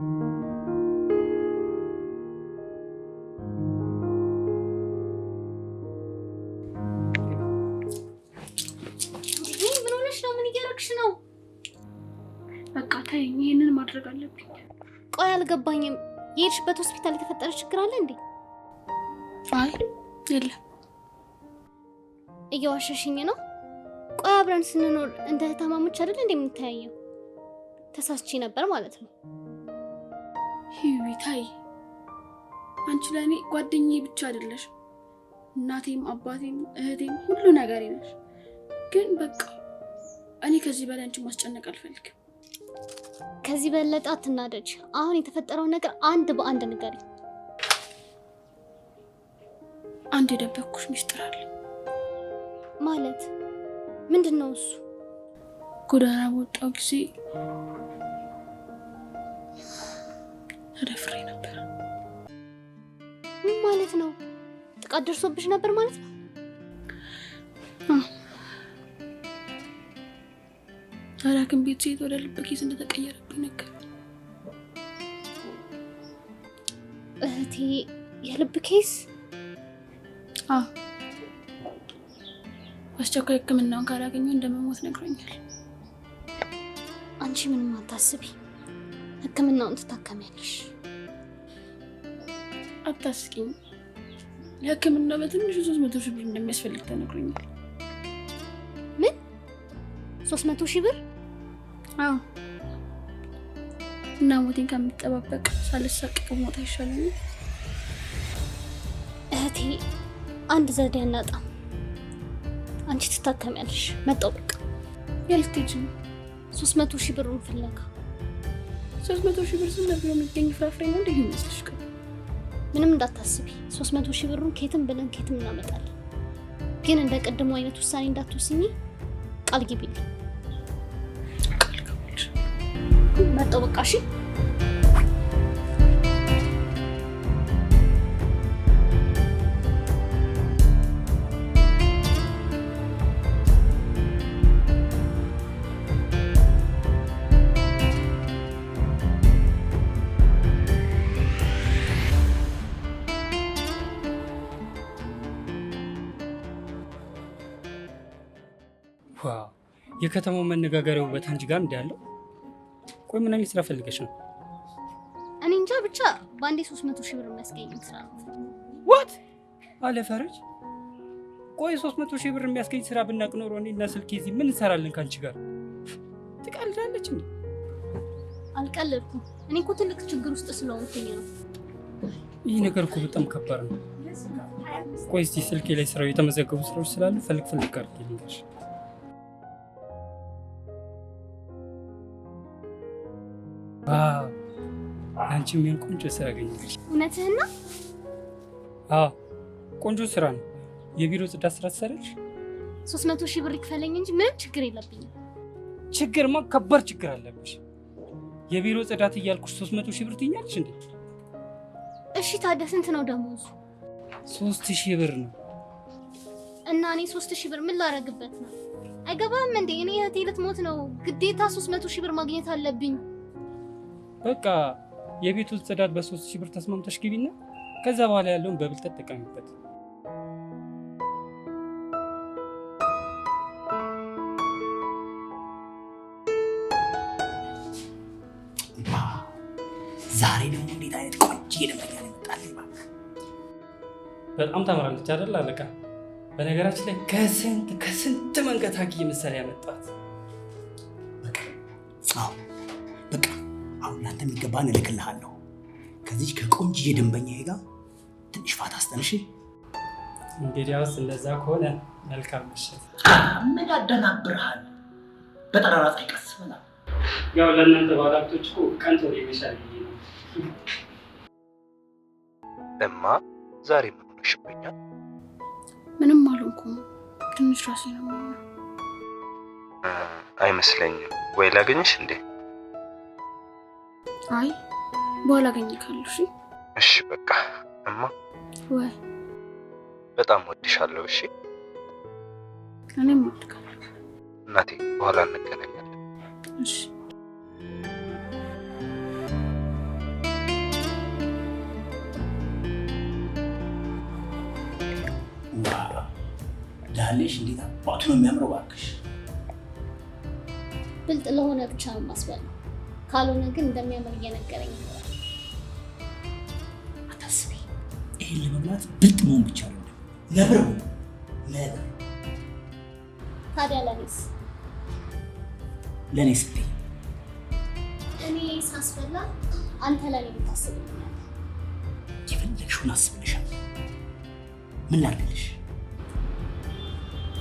ነው ነው? ይህንን ማድረግ አለብኝ። ቆይ አልገባኝም። የሄድሽበት ሆስፒታል የተፈጠረ ችግር አለ እንዴ? አይ የለም። እየዋሸሽኝ ነው። ቆይ አብረን ስንኖር እንደ ህታማሞች አይደል እንደ የምንተያየው? ተሳስቼ ነበር ማለት ነው። ሂዊ ታይ፣ አንቺ ለእኔ ጓደኛዬ ብቻ አይደለሽ፣ እናቴም፣ አባቴም፣ እህቴም ሁሉ ነገር ነሽ። ግን በቃ እኔ ከዚህ በላይ አንቺን ማስጨነቅ አልፈልግም። ከዚህ በለጠ አትናደጅ። አሁን የተፈጠረው ነገር አንድ በአንድ ንገሪ። አንድ የደበኩሽ ሚስጥር አለ። ማለት ምንድን ነው እሱ? ጎዳና በወጣው ጊዜ ተደፍሬ ነበር። ምን ማለት ነው? ጥቃት ደርሶብሽ ነበር ማለት ነው? ታዲያ ግን ቤት ሴት ወደ ልብ ኬዝ እንደተቀየረብኝ ነገር እህቴ፣ የልብ ኬስ አስቸኳይ ሕክምናውን ካላገኘ እንደመሞት ነግሮኛል። አንቺ ምንም አታስቢ፣ ሕክምናውን ትታከሚያለሽ። አታስቂኝ። ለህክምና በትንሹ ሶስት መቶ ሺህ ብር እንደሚያስፈልግ ተነግሮኛል። ምን? ሶስት መቶ ሺህ ብር? አዎ። እና ሞቴን ከምጠባበቅ ሳልሳቀቅ ሞት አይሻለኝም? እህቴ አንድ ዘዴ አናጣም። አንቺ ትታከሚያለሽ። መጣሁ በቃ። የልትጅ ነው ሶስት መቶ ሺህ ብሩን ፍለጋ። ሶስት መቶ ሺህ ብር ዝም የሚገኝ ፍራፍሬ ነው እንደ ይመስልሽ? ምንም እንዳታስቢ፣ 300 ሺህ ብሩን ኬትም ብለን ኬትም እናመጣለን። ግን እንደ ቅድሙ አይነት ውሳኔ እንዳትወስኝ ቃል ግቢልኝ። መጣሁ በቃ እሺ። የከተማው መነጋገሪያው ውበት አንቺ ጋር እንዳለው። ቆይ ምን አይነት ስራ ፈልገሽ ነው? እኔ እንጃ ብቻ በአንዴ 300 ሺህ ብር የሚያስገኝ ስራ ነው። ዋት አለ ፈረጅ። ቆይ 300 ሺህ ብር የሚያስገኝ ስራ ብናቅ ኖሮ እኔ እና ስልኬ እዚህ ምን እንሰራለን? ከአንቺ ጋር ትቀልዳለች እንዴ? አልቀለድኩም። እኔ እኮ ትልቅ ችግር ውስጥ ስለሆንኩኝ ነው። ይህ ነገር እኮ በጣም ከባድ ነው። ቆይ እስኪ ስልኬ ላይ ስራው የተመዘገቡ ስራዎች ስላሉ ፈልግ ፈልግ አድርጌ ልንገርሽ አንቺ ምን ቆንጆ ስራ አገኘሽ። እውነትህን ነው? አዎ ቆንጆ ስራ ነው። የቢሮ ጽዳት ስራ ትሰራለሽ። ሶስት መቶ ሺህ ብር ይክፈለኝ እንጂ ምንም ችግር የለብኝም። ችግርማ ከባድ ችግር አለብሽ። የቢሮ ጽዳት እያልኩሽ ሶስት መቶ ሺህ ብር ትኛለሽ እንዴ? እሺ ታዲያ ስንት ነው ደሞዙ? ሶስት ሺህ ብር ነው። እና እኔ ሶስት ሺህ ብር ምን ላረግበት ነው? አይገባም እንዴ? እኔ እህቴ ልትሞት ነው፣ ግዴታ ሶስት መቶ ሺህ ብር ማግኘት አለብኝ። በቃ የቤቱ ጽዳት በሶስት ሺህ ብር ተስማምተሽ ግቢና ከዛ በኋላ ያለውን በብልጠት ተጠቀሚበት። ዛሬ ደግሞ እንዴት አይነት ቆንጆ ደንበኛ ይመጣል። በጣም ታምራለች አይደል አለቃ? በነገራችን ላይ ከስንት ከስንት መንገድ ሀኪ መሰል ያመጣት የሚገባ እልክልሃለሁ። ከዚች ከቆንጅዬ ደንበኛዬ ጋር ትንሽ ፋታ አስጠንሽ። እንግዲያውስ እንደዛ ከሆነ መልካም ምሽት። ምን ያደናብርሃል? በጠራራ ፀሐይ ቀስ ብላ ያው ለእናንተ ባለሀብቶች እኮ ቀን ቶሎ ይመሻል ነው። እማ ዛሬ ምን ሆነሽብኛል? ምንም አልሆንኩም። ትንሽ ራሴ ነው አይመስለኝም። ወይ ላገኝሽ እንዴ? አይ በኋላ አገኝካለሁ። እሺ እሺ፣ በቃ እማ፣ ወይ በጣም ወድሻለሁ። እሺ እኔም ወድካለሁ እናቴ። በኋላ እንገናኛለን። እሺ ዳሌሽ፣ እንዴት አባቱ ነው የሚያምረው! እባክሽ ብልጥ ለሆነ ብቻ ነው የማስበላው ካልሆነ ግን እንደሚያምር እየነገረኝ ይኖራል። አታስቢ፣ ይህን ለመብላት ብልጥ መሆን ብቻ ነው። ነብር ነብር። ታዲያ ለኔስ ለኔ ስቤ እኔ ሳስበላ አንተ ለኔ የምታስብልኛል። የፈለግሽውን አስብልሻል። ምን ላድርግልሽ?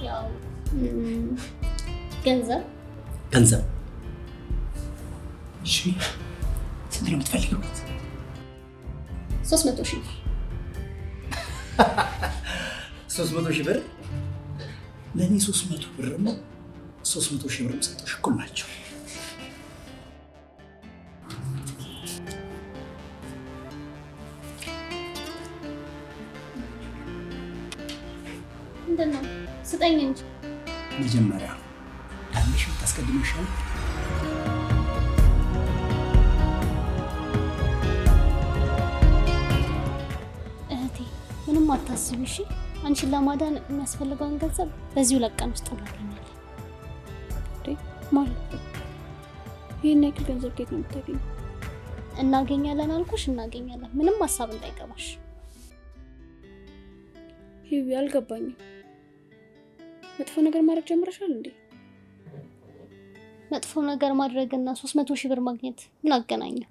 ያው ገንዘብ ገንዘብ ሺህ ስንት ነው የምትፈልገው? ሶስት መቶ ሺህ ብር። ሶስት መቶ ሺህ ብር ለእኔ ሶስት መቶ ብር ነው። ሶስት መቶ ሺህ ብር ሰጠሽ፣ እኩል ናቸው። ምንድን ነው ስጠኝ እንጂ መጀመሪያ ለአንድ ሺህ አታስቢ እሺ። አንቺን ለማዳን የሚያስፈልገውን ገንዘብ በዚሁ ለቀን ውስጥ እናገኛለን። ማለት ይህን ያክል ገንዘብ ጌት ነው የምታገኘው? እናገኛለን አልኩሽ፣ እናገኛለን። ምንም ሀሳብ እንዳይገባሽ። ሂዊ፣ አልገባኝም። መጥፎ ነገር ማድረግ ጀምረሻል እንዴ? መጥፎ ነገር ማድረግና ሶስት መቶ ሺህ ብር ማግኘት ምን አገናኘው?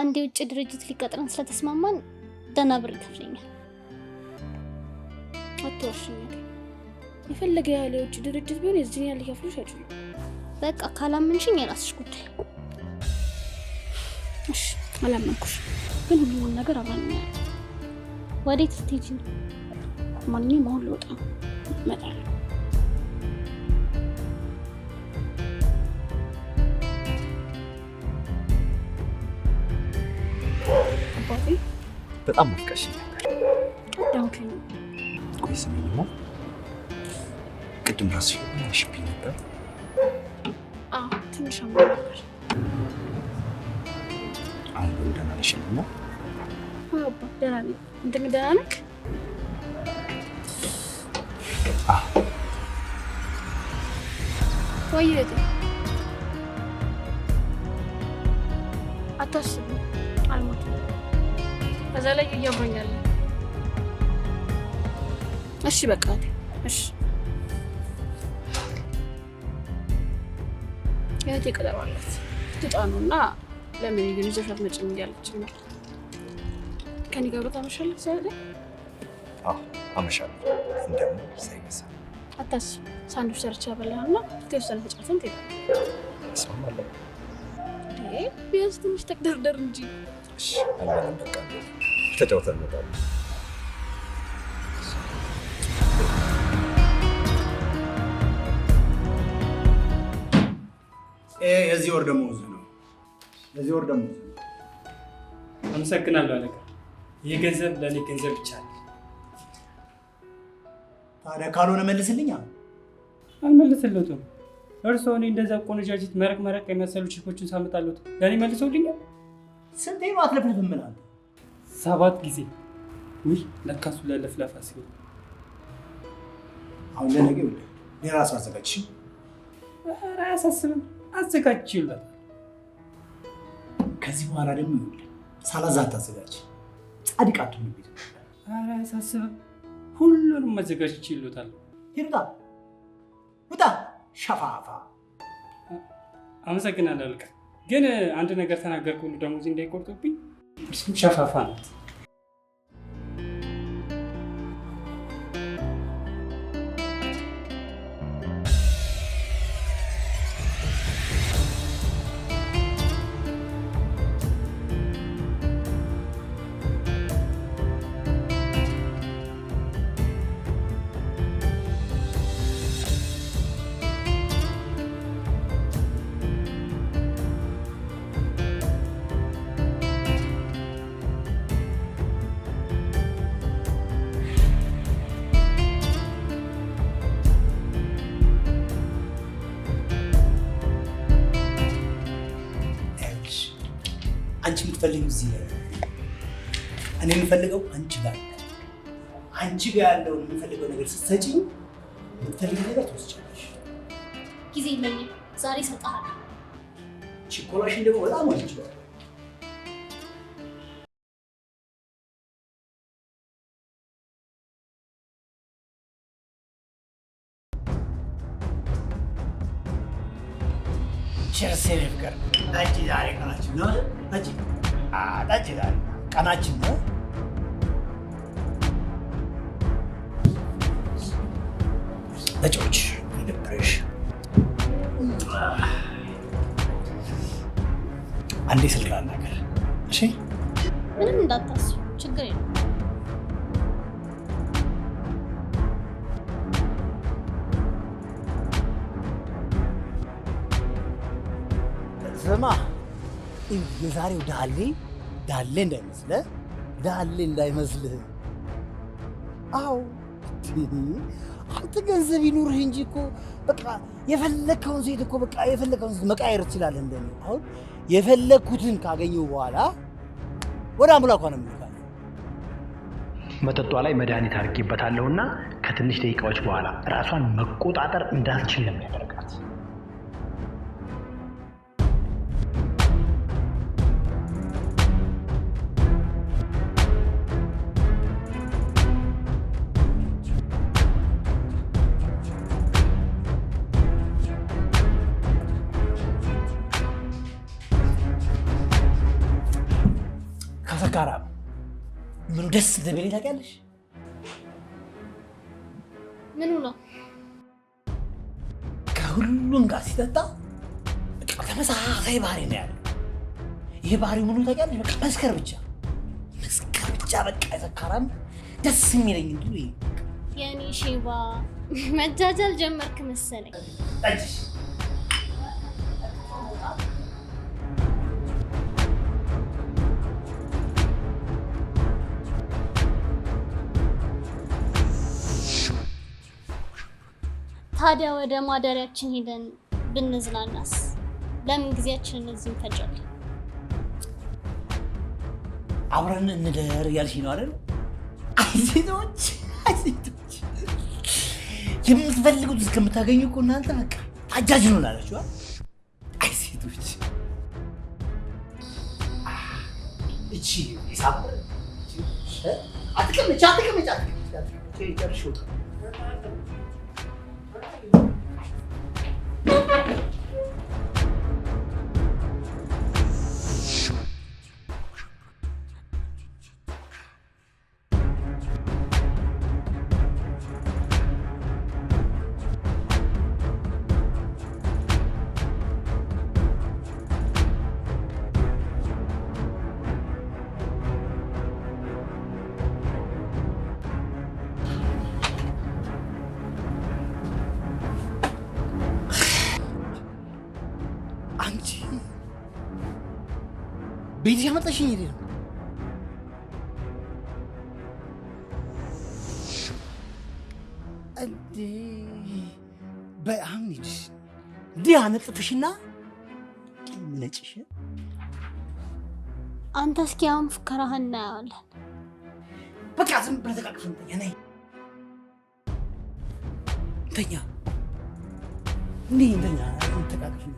አንድ የውጭ ድርጅት ሊቀጥረን ስለተስማማን ዘጠና ብር ይከፍለኛል። አትዋሽኛል። የፈለገ ያለ የውጭ ድርጅት ቢሆን የዚህን ያለ ሊከፍሉሽ አይችሉም። በቃ ካላመንሽኝ የራስሽ ጉዳይ። እሺ አላመንኩሽ፣ ግን ሁሉንም ነገር አምናኛለሁ። ወዴት ስትሄጂ ነው? ማንኛውም አሁን ልወጣ ነው። እመጣለሁ በጣም ማፍቀሽ ነበር። ዳንክኝ ደግሞ ቅድም ራሱ ሽብኝ ነበር። ትንሽ ነበር። አሁን ግን ደህና ነሽ ደግሞ? ደህና ነኝ። እንደምን ደህና ነህ? ወይ አታስብ ከዛ ላይ እያምረኛል። እሺ በቃ እሺ። የእህቴ ቀጠሮ አላት ትጣኑ እና ለምን ግን ይዘሽ አትመጭም እያለች ነው። ከኔ ጋር ታመሻለህ? ሳይደ አመሻለሁ። እንደውም ሳይነሳ አታስብ። ሳንዱች ሰርቼ ያበላህና የተወሰነ ተጫፍን ትሄዳለህ። ቢያንስ ትንሽ ተግደርደር እንጂ እሺ። አልበላም በቃ ተጫውተን እንመጣለን። የዚህ ወር ደመወዝ ነው። የዚህ ወር ደመወዝ ነው። አመሰግናለሁ አለቃ። ይህ ገንዘብ ለእኔ ገንዘብ ብቻ ነው። ታዲያ ካልሆነ መልስልኛ። አልመልስለትም። እርስዎ እኔ እንደዛ ቆነጃጅት መረቅ መረቅ የመሰሉ ቼኮችን ሳመጣለት ለእኔ መልሰውልኛል። ስንቴ ነው አትለፍልፍ ሰባት ጊዜ ውይ ለካሱ ለለፍላፋ ሲሆን አሁን ለነገ እኔ ራሱ አዘጋጅ አያሳስብም፣ አዘጋጅ ይላል። ከዚህ በኋላ ደግሞ ይል ሳላዛት አዘጋጅ ጻድቅ አትሆን ቤት አያሳስብም፣ ሁሉንም አዘጋጅ ይሉታል። ይውጣ ውጣ፣ ሸፋፋ። አመሰግናለሁ አለቃ። ግን አንድ ነገር ተናገርኩ ሁሉ ደሞዝ እንዳይቆርጡብኝ ሸፋፋ ናት። የምትፈልጊው እዚህ ላይ እኔ የምፈልገው አንቺ ጋር አንቺ ጋር ያለውን የምፈልገው ነገር ስትሰጪኝ የምትፈልጊው ነገር ትወስጫለሽ። ጊዜ መኝ ዛሬ ሰጠሃል። ችኮላሽን ደግሞ በጣም ወድጄዋለሁ። ቸርሴ ፍቅር እጅ ዛሬ ቀናችሁ ነው እጅ ጠጅላል ቀናችን ነው። ጠጪዎች ይደብረሽ። አንዴ ስልክ ላናገር። እሺ፣ ምንም እንዳታስብ፣ ችግር የለም። ስማ የዛሬው ዳሌ ዳሌ እንዳይመስለ ዳሌ እንዳይመስልህ። አዎ አንተ ገንዘብ ይኑርህ እንጂ እኮ በቃ የፈለግከውን ሴት እኮ በቃ የፈለግከውን ሴት መቃየር ትችላለህ። እንደኔ አሁን የፈለግኩትን ካገኘሁ በኋላ ወደ አምላኳ ነው የምልካት። መጠጧ ላይ መድኃኒት አድርጌበታለሁና ከትንሽ ደቂቃዎች በኋላ ራሷን መቆጣጠር እንዳትችል ነው የሚያደርገው። ደስ ትብሌ ታውቂያለሽ? ምኑ ነው? ከሁሉም ጋር ሲጠጣ ተመሳሳይ ባህሪ ነው ያለው። ይሄ ባህሪ ምኑ ታውቂያለሽ? በቃ መስከር ብቻ መስከር ብቻ በቃ የሰካራም ደስ የሚለኝ እንዲ የኔ ሼባ መጃጃል ጀመርክ መሰለኝ። ታዲያ ወደ ማደሪያችን ሄደን ብንዝናናስ? ለምን ጊዜያችንን እዚህ እንፈጃለን? አብረን እንደር እያልሽ ነው አይደል? ሴቶች ሴቶች የምትፈልጉት እስከምታገኙ እኮ እናንተ በቃ አጃጅ ነው ላላችሁ አይ ሴቶች እቺ ሂሳብ አትቀመጭ አትቀመጭ አትቀመጭ Beni yanıtla şehri. በአምኒድ እንዲህ አነጥፍሽና ነጭሽ አንተ እስኪ አሁን ፉከራህን እናየዋለን። በቃ ዝም ብለህ ተቃቅፈን ተኛ። ነይ ተኛ። እንዲህ ተኛ ተቃቅፈን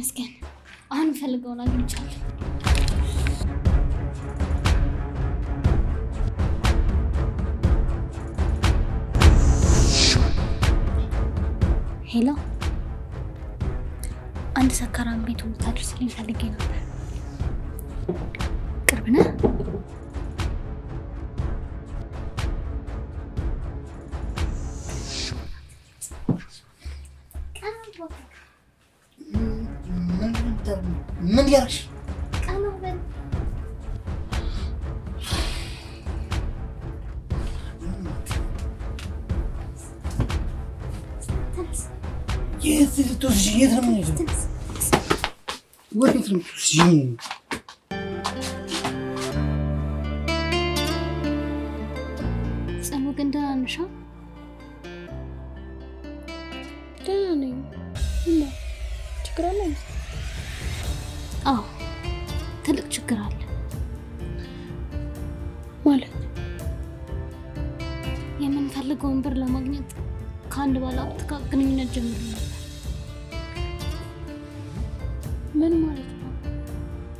ተመስገን። አሁን ፈልገውን አግኝቻለሁ። ሄሎ፣ አንድ ሰካራም ቤቱ ታድርስልኝ ፈልጌ ነበር። Yeter, dur, yedirmeyelim. Yeter, dur, yedirmeyelim. ማለት ነው።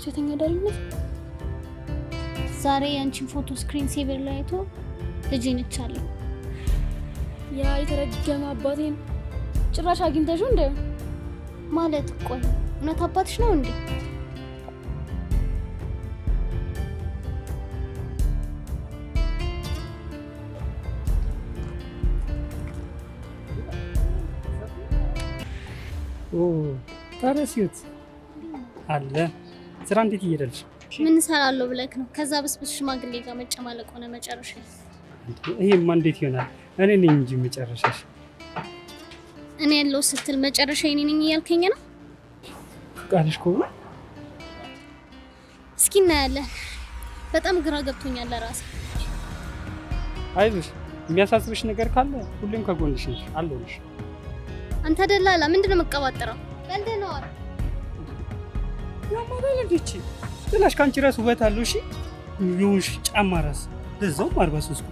ሴተኛ አዳሪነት። ዛሬ የአንቺን ፎቶ ስክሪን ሴቨር ላይ አይቶ ልጅ ነቻለሁ። ያ የተረገመ አባቴን ጭራሽ አግኝተሽው እንደ ማለት ቆይ፣ እውነት አባትሽ ነው እንዴ? ኦ ታዲያ ሴት አለ። ስራ እንዴት እየሄደልሽ? ምን እሰራለሁ ብለህ ነው? ከዛ በስብስ ሽማግሌ ጋር መጨማለቅ ሆነ መጨረሻ። ይሄማ እንዴት ይሆናል? እኔ ነኝ እንጂ መጨረሻሽ። እኔ ያለው ስትል መጨረሻ እኔ ነኝ እያልከኝ ነው? ቃልሽ ከሆነ እስኪ እናያለን። በጣም ግራ ገብቶኛል ለራሴ። አይዞሽ፣ የሚያሳስብሽ ነገር ካለ ሁሌም ከጎንሽ ነሽ፣ አለሁልሽ። አንተ ደላላ ምንድነው መቀባጠረው? ቀልድ ነው። ያማበልልች ጥላሽ ከአንቺ ራስ ውበት አለው። እሺ የውሽ ጫማ ራስ ለዛውም አርባ ሶስት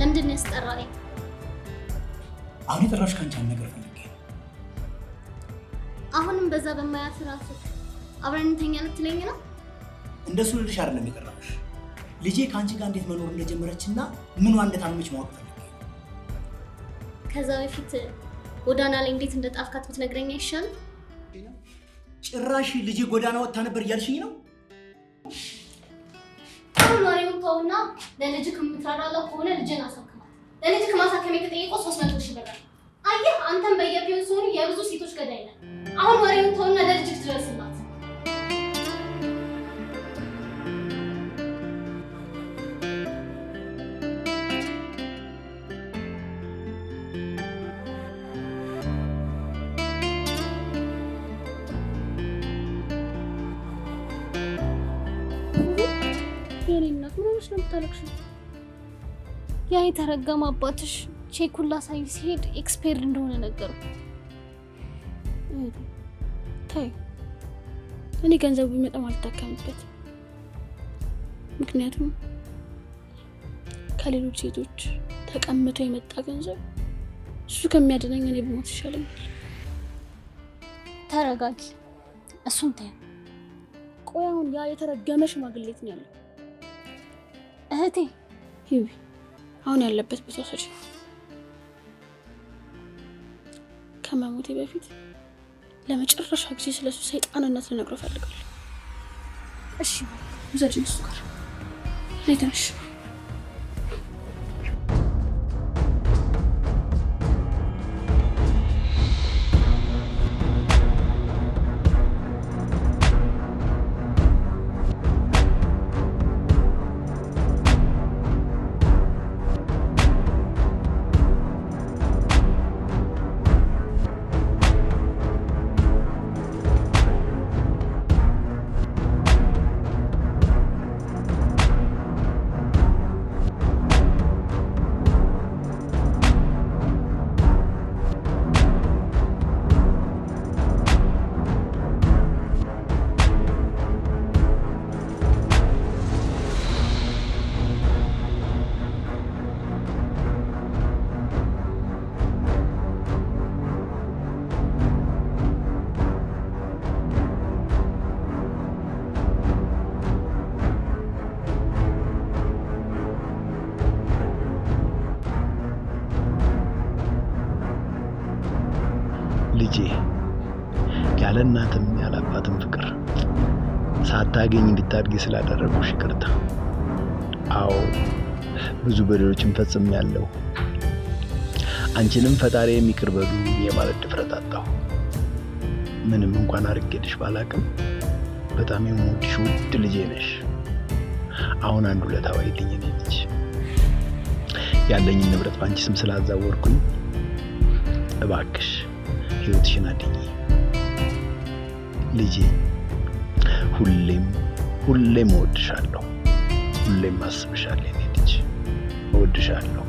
ለምንድን ነው ያስጠራኝ? አሁን የጠራሽ ከአንቺ አንድ ነገር ፈልጌ አሁንም በዛ በማያት ራሱ አብረን እንተኛ ልትለኝ ነው? እንደሱ ልልሽ አይደለም የጠራሽ ልጄ ከአንቺ ጋር እንዴት መኖር እንደጀመረች እና ምኗ እንደታመች ማወቅ ፈልጌ። ከዛ በፊት ጎዳና ላይ እንዴት እንደጣፍካት ብትነግረኝ አይሻልም? ጭራሽ ልጄ ጎዳና ወጥታ ነበር እያልሽኝ ነው? ወሬውን ተውና ለልጅ ከምትራራለው ከሆነ ልጅን አሳክማት። ለልጅ ከማሳከም የተጠየቀው ሶስት መቶ ሺህ ብር። አየህ አንተም በየቢሆን ሲሆኑ የብዙ ሴቶች ገዳይ ነህ። አሁን ወሬውን ተውና ለልጅ ትደርስላት አታለቅሽም? ያ የተረገመ አባትሽ ቼኩን ላሳይ ሲሄድ ኤክስፔርድ እንደሆነ ነገሩ። ታይ እኔ ገንዘቡ ቢመጣም አልታከምበት፣ ምክንያቱም ከሌሎች ሴቶች ተቀምቶ የመጣ ገንዘብ እሱ ከሚያድነኝ እኔ ብሞት ይሻለኛል። ተረጋጊ፣ እሱን ታይ። ቆይ አሁን ያ የተረገመ ሽማግሌት ነው ያለው እህቴ ሂዊ አሁን ያለበት ቦታ ሰች ከመሞቴ በፊት ለመጨረሻ ጊዜ ስለሱ ሰይጣንነት ልነግረው እፈልጋለሁ። እሺ ውሰጂኝ እሱ ጋር ነይ ያለ እናትም ያለ አባትም ፍቅር ሳታገኝ እንድታድጊ ስላደረጉሽ ይቅርታ። አዎ ብዙ በደሎችን ፈጽም ያለው አንቺንም ፈጣሪ የሚቅር በሉ የማለት ድፍረት አጣሁ። ምንም እንኳን አርጌልሽ ባላቅም በጣም የምወድሽ ውድ ልጄ ነሽ። አሁን አንድ ሁለት ሀዋይ ልኝ ነች ያለኝን ንብረት በአንቺ ስም ስላዛወርኩኝ እባክሽ ህይወትሽን አድኚ። ልጄ ሁሌም ሁሌም እወድሻለሁ፣ ሁሌም አስብሻለሁ። የኔ ልጅ እወድሻለሁ።